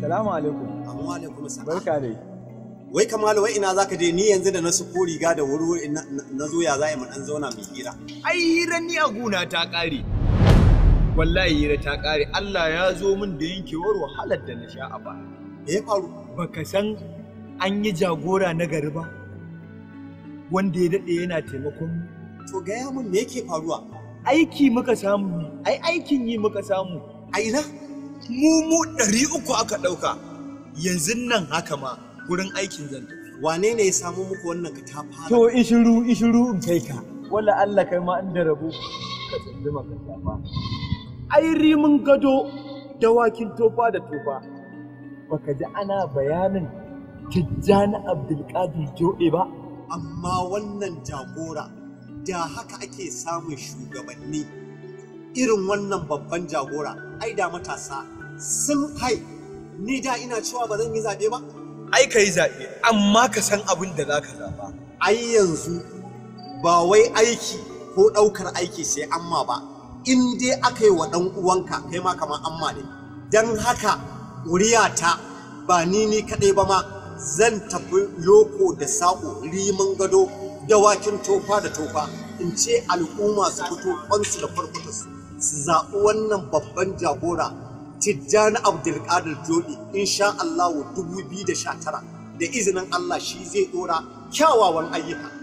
Salamu alaikum. Amma alaikum salam. Barka dai. Wai kamalu wai ina zaka je ni yanzu da na suko riga da wuri na zo ya zai mu dan zauna mu hira. Ai hira ni a guna ta kare. Wallahi hira ta kare. Allah ya zo min da yankewar wahalar da na sha a ba. Me ya faru? Baka san an yi jagora na gari ba. Wanda ya daɗe yana taimakon mu. To gaya mun me yake faruwa? Aiki muka samu, ai aikin yi muka samu. A ina? mu ɗari uku aka ɗauka yanzu nan haka ma wurin aikin zan wane ne ya samu muku wannan ka tafa? to ishiru ishiru in kai ka wala Allah kai ma inda rabu ka tsindi maka ai rimin gado dawakin tofa da tofa baka ji ana bayanin tijjani abdulkadir joɗe ba amma wannan jagora da haka ake samun shugabanni irin wannan babban jagora ai da matasa sun hai ni da ina cewa ba zan yi zaɓe ba ai ka yi zaɓe amma ka san abin da za ka zaɓa ai yanzu ba wai aiki ko ɗaukar aiki sai amma ba in dai aka yi wa ɗan uwanka kai ma kamar amma ne don haka wuriyata ba ni ni kaɗai ba ma zan tafi loko da saƙo riman gado dawakin tofa da tofa in ce al'umma su fito kwansu da su. su zaɓi wannan babban jagora Tijjani Abdulkadir Jodi insha Allah 2019 da izinin Allah shi zai ɗora kyawawan ayyuka.